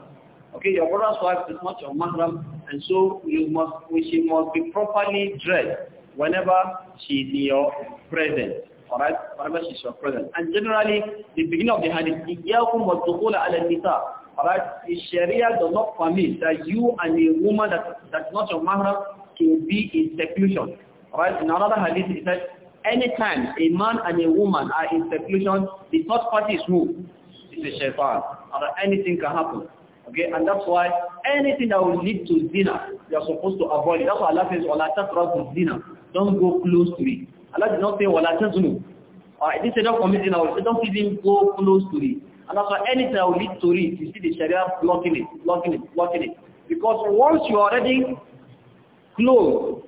Speaker 1: Okay, your brother's wife is not your mahram. And so you must, she must be properly dressed whenever she is in your presence. Alright? Whenever she's your presence. And generally, the beginning of the hadith, إِيَّاكُمْ وَالْدُخُولَ عَلَى All Alright? The Sharia does not permit that you and a woman that, that's not your mahram can be in seclusion. Alright? In another hadith, it says, anytime a man and a woman are in seclusion, the third party is who? It's the shaitan. All right, anything can happen. Okay, and that's why anything that will lead to zina, you are supposed to avoid That's why Allah says, وَلَا تَقْرَبُ zina. Don't go close to it. Allah did not say, وَلَا تَزْنُ. Alright, this is not commit zina. Don't even go close to it. And that's why anything that will lead to it, you see the Sharia blocking it, blocking it, blocking it. Because once you are already close,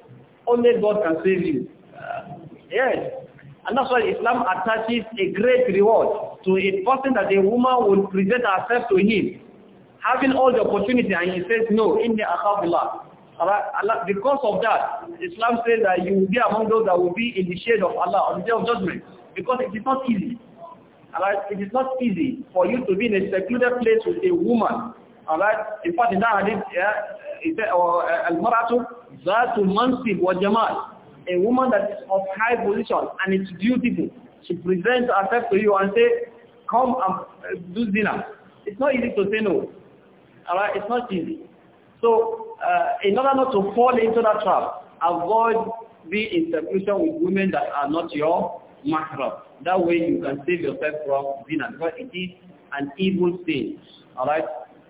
Speaker 1: only God can save you. Uh, yes. And that's why Islam attaches a great reward to a person that a woman will present herself to him having all the opportunity and he says, no, in the akhafullah. Allah, because of that, Islam says that you will be among those that will be in the shade of Allah on the day of judgment. Because it is not easy. Alright, it is not easy for you to be in a secluded place with a woman. Alright, in fact, in that hadith, yeah, it said, or oh, eh, al-maratu zatu mansib wa jamal. A woman that is of high position and it's beautiful. She presents herself to you and say, come and eh, do dinner. It's not easy to say no. Alright, it's not easy. So, uh, in order not to fall into that trap, avoid being in interpretation with women that are not your mahram. That way you can save yourself from zina because it is an evil sin. Alright?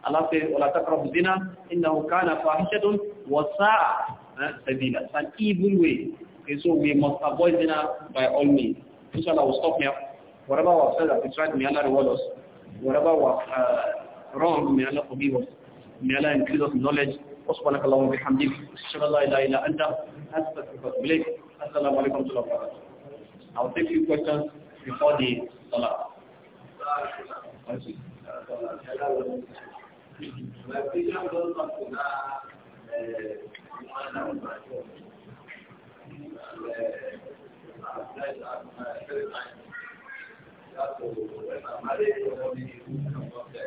Speaker 1: Allah says, وَلَا تَقْرَبُ zina إِنَّهُ ukana فَاحِشَةٌ وَسَاءَ sabila. It's an evil way. Okay, so we must avoid zina by all means. Inshallah, we'll stop here. Whatever was said, that we tried, may Allah reward us. Whatever was uh, wrong. May Allah forgive us. May Allah increase us in knowledge. وسبحانك اللهم وبحمدك اشهد ان لا اله الا انت استغفرك واتوب اليك السلام
Speaker 2: I'll take few questions before the salah. Thank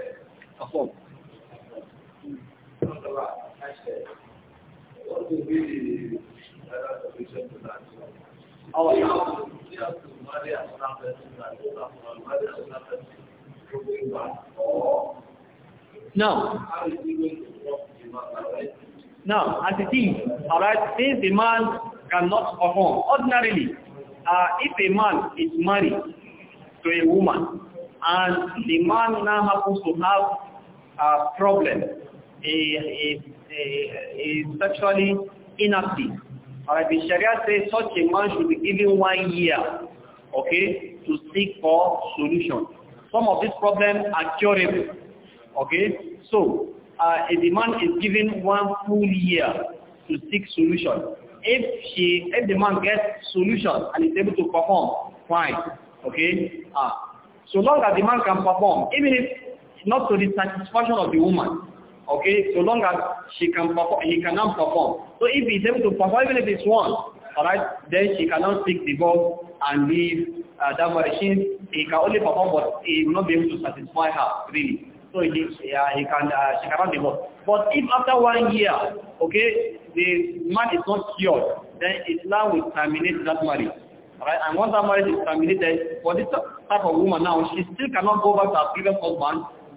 Speaker 2: you perform. Oh, yeah. No. No, as it is, alright, since a man
Speaker 1: cannot perform, ordinarily, uh, if a man is married to a woman, and the man now happens to have uh, problem is, is, actually inactive. Alright, the Sharia says such a man should be given one year, okay, to seek for solution. Some of these problems are curable, okay? So, uh, a man is given one full year to seek solution. If she, if the man gets solution and is able to perform, fine, okay? Uh, so long as the man can perform, even if not to the satisfaction of the woman. Okay, so long as she can perform, he cannot perform. So if he's able to perform, even if it's one, alright, then she cannot seek divorce and leave uh, that marriage. He can only perform, but he will not be able to satisfy her, really. So he, uh, he can, uh, she cannot divorce. But if after one year, okay, the man is not cured, then Islam will terminate that marriage. Alright, and once that marriage is terminated, for this type of woman now, she still cannot go back to her previous husband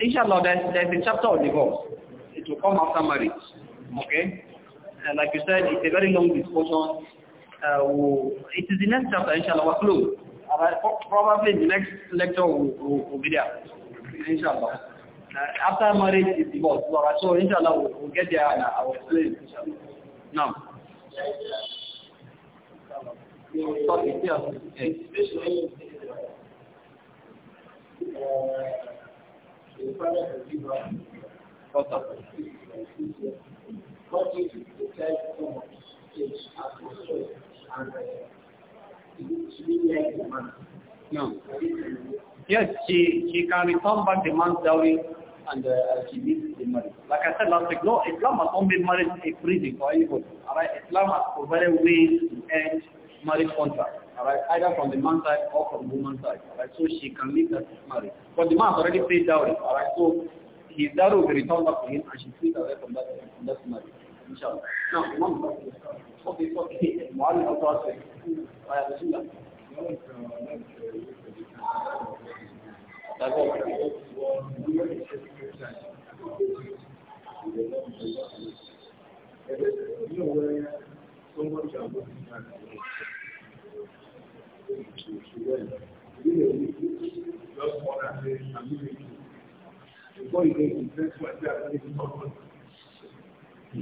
Speaker 1: Inshallah, there's, there's a chapter on divorce. It will come after marriage. Okay? And like you said, it's a very long discussion. Uh, is the next chapter, inshallah, we'll close. Probably the next lecture will, will, will be there. Inshallah. Uh, after marriage is divorce. So inshallah, we'll, we'll get there and uh, I will explain. Inshallah. Now.
Speaker 2: Sorry, yeah. yeah. No.
Speaker 1: Yes, she, she can return back the man's dowry
Speaker 2: and uh, she needs the
Speaker 1: marriage. Like I said last week, no, Islam has not made marriage a prison for anybody. Alright, Islam has provided ways to end marriage contracts right, either from the man's side or from the woman's side, right? So she can leave that marriage. But the man has already paid dowry, all right? So his dowry will be returned back
Speaker 2: to him and she frees away from that, from that marriage, inshallah. Now, the mom is okay, so okay, one of us, I have seen that. That's all. You know where so much of just one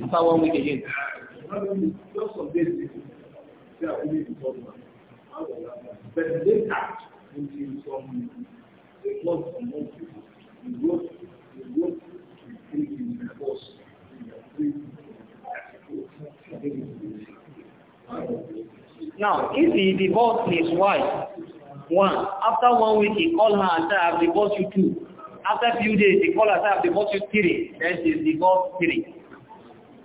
Speaker 2: After one week again. Just some days they are giving it to But later, until some, close some months. Now, if he divorced
Speaker 1: his wife, one, after one week he called her and said, I've divorced you two. After a few days he called her and said, I've divorced you three. Then she's divorced three.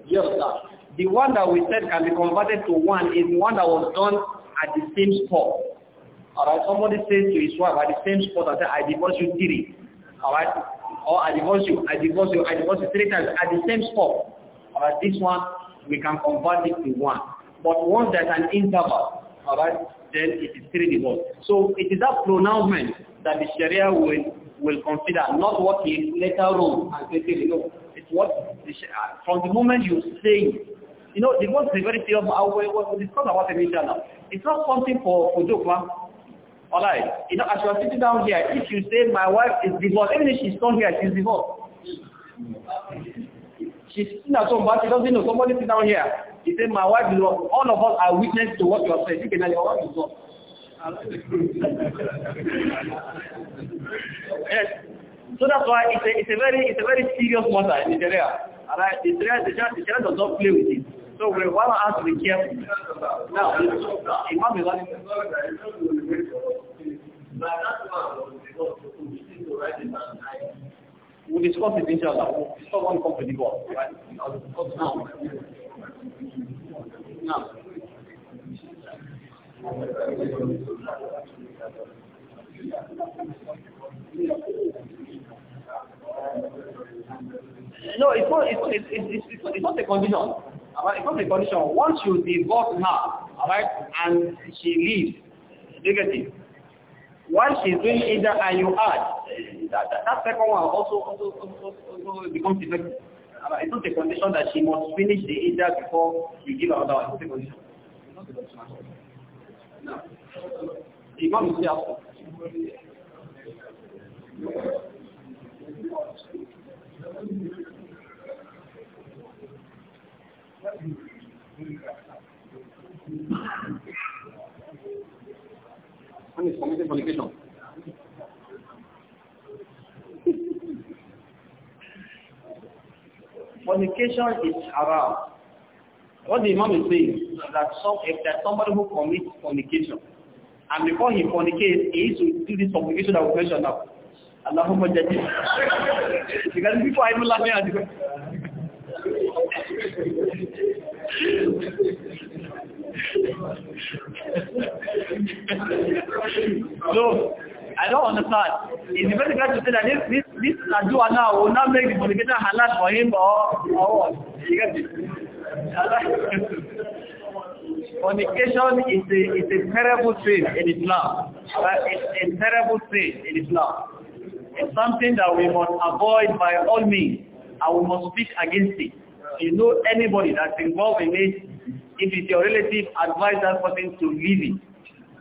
Speaker 1: Yes, sir. The one that we said can be converted to one is the one that was done at the same spot. Alright, somebody says to his wife at the same spot and said, I divorced you three. Alright, or I divorce you, I divorce you, I divorce you three times at the same spot. Alright, this one, we can convert it to one. But once there's an interval, all right, then it is three divorce. So it is that pronouncement that the Sharia will will consider, not what he later wrote and say, you know, it's what the Sharia, uh, from the moment you say, you know, the most severity of our uh, we will discuss about media inshallah. It's not something for for joke, man. All right, you know, as you are sitting down here, if you say my wife is divorced, even if she's not here, she's divorced. She's sitting at home, but she doesn't know somebody sitting down here. He said, my wife is All of us are witness to what you are saying. You can tell your wife is wrong. <laughs> yes. So that's why it's a, it's a very it's a very serious matter in Nigeria. Alright, the Sharia the Sharia does not play with it. So we want us to be careful.
Speaker 2: Now, Imam is like. But that one was the one to write it down
Speaker 1: we discuss it inshallah. We'll discuss one
Speaker 2: company go right? Now. Now. No, it's not, it's, it's,
Speaker 1: it's, it's, it's not a condition. Right? It's not a condition. Once you divorce her, alright, and she leaves, negative. While she's doing either and you add, that, that, second one also, also, also, also becomes effective. it's not a condition that she must finish the Iddah before we give her that. It's a condition. No. The Imam is
Speaker 2: here. One is committed fornication.
Speaker 1: fornication is haram. What the Imam is saying is that some, if there's somebody who commits fornication, and before he fornicates, he is to do this fornication that we mentioned now. Allahumma jadi. because before I even laughing at
Speaker 2: you. so, I don't understand. Is the person going to say that this, this, this Najua now will not make the fornicator halal for him or, or what? You get it?
Speaker 1: Fornication <laughs> is a, is a terrible sin in Islam. Uh, it's a terrible sin in Islam. It's something that we must avoid by all means and we must speak against it. You know anybody that's involved in it, if it's your relative, advise that person to leave it.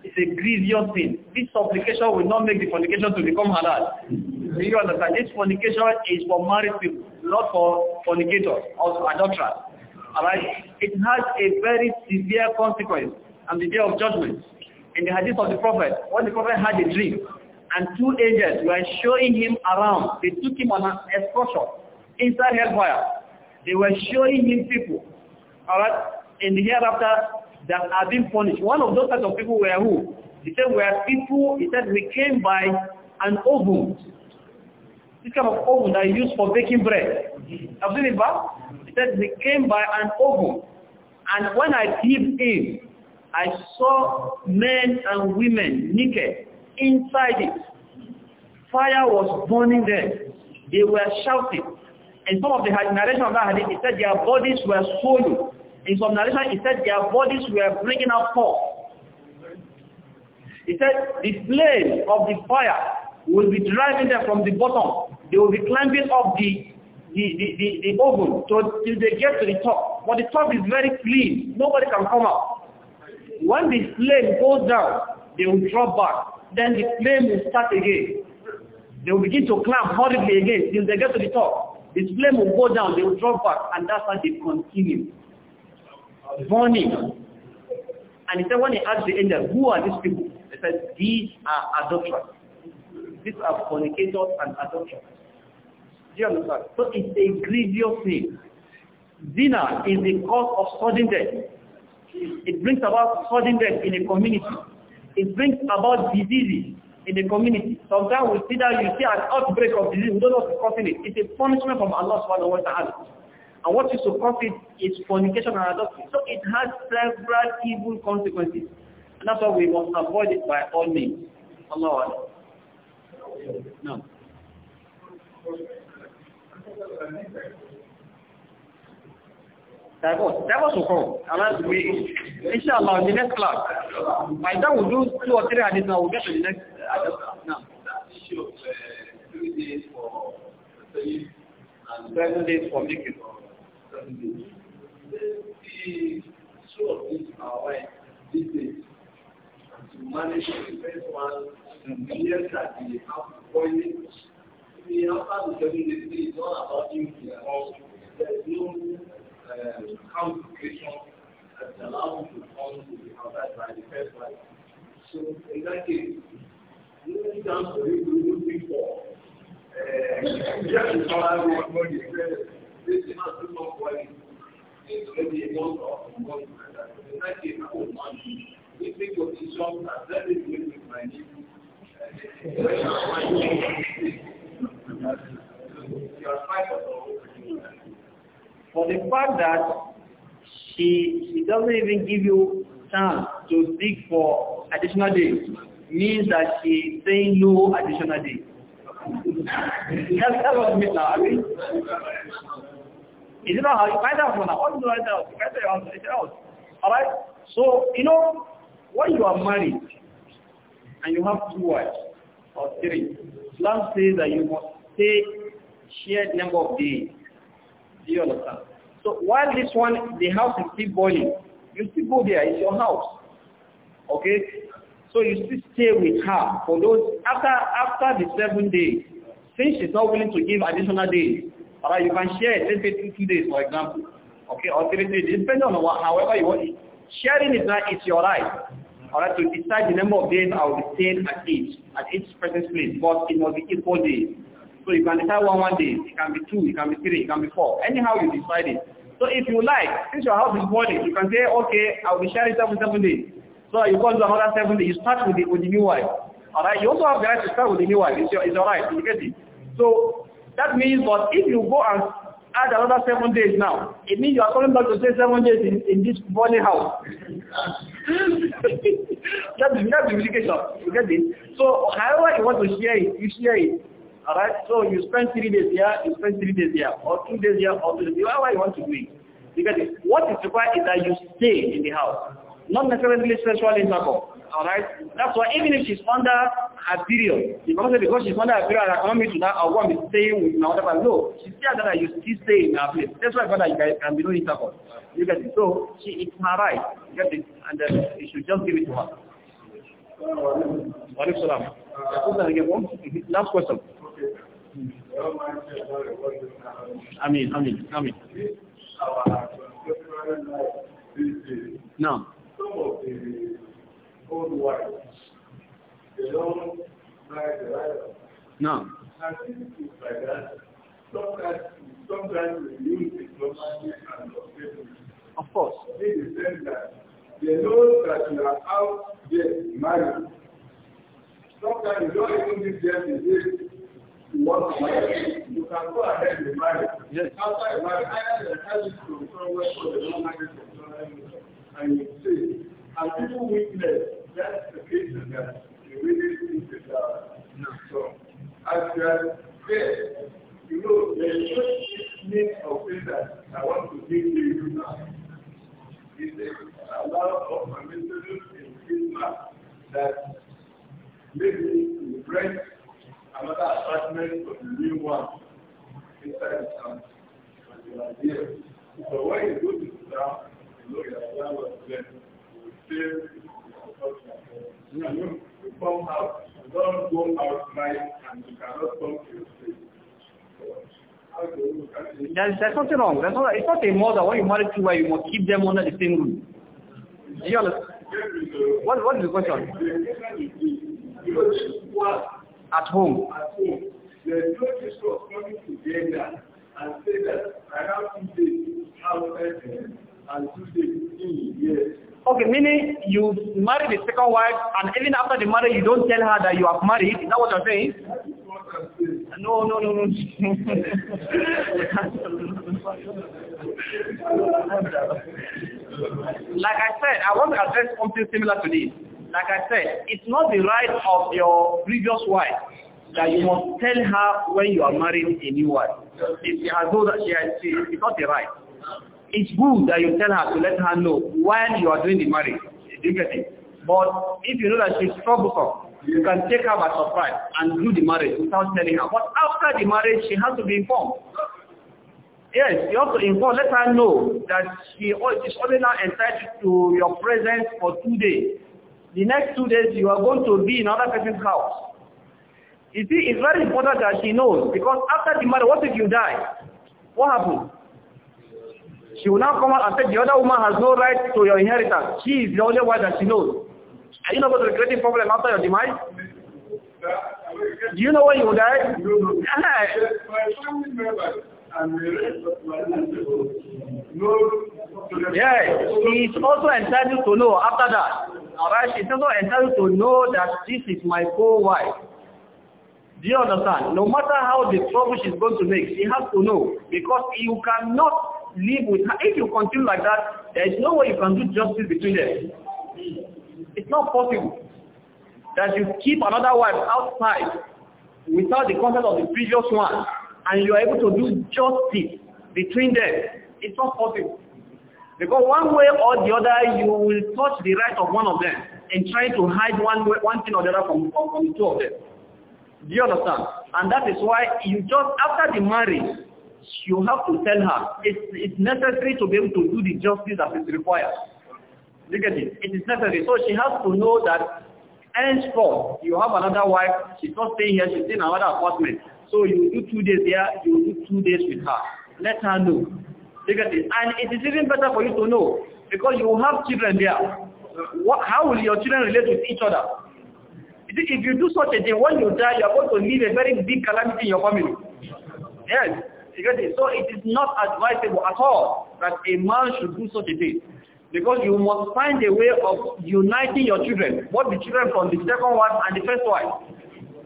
Speaker 1: It's a grievous thing. This supplication will not make the fornication to become halal. Do you understand? This fornication is for married people, not for fornicators or adulterers. Alright? It has a very severe consequence on the day of judgment. In the hadith of the Prophet, when the Prophet had a dream, and two angels were showing him around, they took him on an excursion inside hellfire. They were showing him people. Alright? In the hereafter, that are being punished. One of those types of people were who? He said, were people, he said, we came by an oven. This kind of oven that is used for baking bread. Have you seen it He said, we came by an oven. And when I peeped in, I saw men and women naked inside it. Fire was burning there. They were shouting. And some of the narration of that hadith, it said their bodies were swollen In some narration, he said their bodies were bringing up forth. He said the flame of the fire will be driving them from the bottom. They will be climbing up the the, the, the, the oven till, till they get to the top. But the top is very clean. Nobody can come up. When the flame goes down, they will drop back. Then the flame will start again. They will begin to climb horribly again till they get to the top. The flame will go down, they will drop back, and that's how they continue warning. And he said, when he asked the angel, who are these people? They said, these are adulterers. These are fornicators and adulterers. Do you understand? So it's a grievous sin. Dinner is the cause of sudden death. It brings about sudden death in a community. It brings about diseases in a community. Sometimes we see that you see an outbreak of disease, we don't know what's causing it. It's a punishment from Allah subhanahu wa ta'ala. And what is to profit is fornication and adultery. So it has several evil consequences. And that's why we must avoid it by all means. Allah No. Divorce. Divorce will come. Unless we, inshallah, in the next class. By then we'll do two or three hadiths now. We'll get to the next hadith. No. Uh, Seven days
Speaker 2: for making days. these are why to manage the first one, the years that we have boiling. The after the seven days is not uh, complication that allows him to come to the outside So in that case, no example you will look for. Uh, just to follow what you
Speaker 1: for The fact that she she doesn't even give you chance to speak for additional days means that she saying no additional days.
Speaker 2: <laughs> That's that was me now. I mean,
Speaker 1: is it not how you find out now? What do you find out? You find out your answer. out. Alright? So, you know, when you are married and you have two wives or three, Islam says that you must stay shared number of days. Do you understand? So while this one, the house is still boiling, you still go there, it's your house. Okay? So you still stay with her for those, after after the seven days, since she's not willing to give additional days, All you can share it, let's say two, two days, for example. Okay, or three, days, depending on what, however you want it. Sharing is not, it's your right. All right, to decide the number of days I will be staying at each, at each present place, but it must be equal days. So you can decide one one day, it can be two, it can be three, it can be four, anyhow you decide it. So if you like, since your house is boarded, you can say, okay, I will be sharing seven, seven days. So you go to another seven days, you start with the, with the new wife. All right, you also have the right to start with the new wife, it's, your, it's all right, you get it. So That means, but if you go and add another seven days now, it means you are coming back to stay seven days in, in this funny house. <laughs> that's, that's the implication. You get it? So however you want to share it, you share it. Alright? So you spend three days here, you spend three days here, or two days here, or two days however you want to do it. You get it? What is required is that you stay in the house. Not necessarily sexual intercourse. Alright? That's why even if she's under her period, you cannot because she's under her period I cannot meet you now, I want to stay with my other family. No, she's still under you still stay in her place. That's why brother, you guys can be no intercourse. You get it? So she it's her right. You get it? And then you should just give it to her.
Speaker 2: Wa alaikum salam.
Speaker 1: Last question. I mean, I mean, I mean.
Speaker 2: No old wives. They don't the right No. And since it's like that, sometimes, sometimes we and Of course. In the that they know that you are out there married. Sometimes you don't even give them the date to want away. You can go ahead and marry. Yes. After marriage, either have it from somewhere or they don't and you see. And people witness that's the reason that you really need to no. So, as you are there, you know, there's no need of that I want to give to you now.
Speaker 1: nothing wrong. That's all right. It's not a mother. When you marry two wives, you must keep them under the same roof. You understand?
Speaker 2: What, what is the question? At home. At home. Okay,
Speaker 1: meaning you marry the second wife and even after the marriage you don't tell her that you have married. Is that what you're saying?
Speaker 2: No, no, no, no. <laughs> Like I said, I want to
Speaker 1: address something similar to this. Like I said, it's not the right of your previous wife that you must tell her when you are marrying a new wife. If she has no that she has, she, it's not the right. It's good that you tell her to let her know when you are doing the marriage. You get it? But if you know that she's troublesome, you can take her by surprise and do the marriage without telling her. But after the marriage, she has to be informed. Yes, you also inform, let her know that she is only now entitled to your presence for two days. The next two days you are going to be in another person's house. You see, it's very important that she knows because after the matter, what if you die? What happens? She will now come out and say the other woman has no right to your inheritance. She is the only one that she knows. Are you not going to create a problem after your demise?
Speaker 2: Do you know when you will die? <laughs> Yes, he is also entitled
Speaker 1: to know after that. Alright, she's also entitled to know that this is my poor wife Do you understand? No matter how the trouble she's going to make, she has to know. Because you cannot live with her. If you continue like that, there is no way you can do justice between them. It's not possible that you keep another wife outside without the consent of the previous one. and you are able to do justice between them, it's not possible. Because one way or the other, you will touch the right of one of them and try to hide one way, one thing or the other from, from, from two of them. Do you understand? And that is why you just, after the marriage, you have to tell her it's, it's necessary to be able to do the justice that is required. Look at it. It is necessary. So she has to know that henceforth, you have another wife, she's not staying here, she's in another apartment. So you do two days there, you do two days with her. Let her know. Because, and it is even better for you to know because you have children there. What, how will your children relate with each other? If you do such a thing, when you die, you are going to leave a very big calamity in your family. Yes. you get it. So it is not advisable at all that a man should do such a thing. Because you must find a way of uniting your children, both the children from the second wife and the first wife.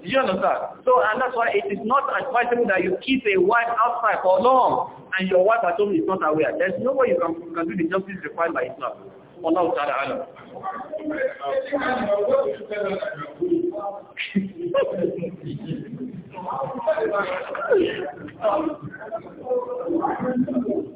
Speaker 1: Do you understand? So, and that's why it is not advisable that you keep a wife outside for long and your wife at home is not aware. There's no way you can, can do the justice required by Islam. Allah Ta'ala
Speaker 2: Alam. Thank <laughs> you.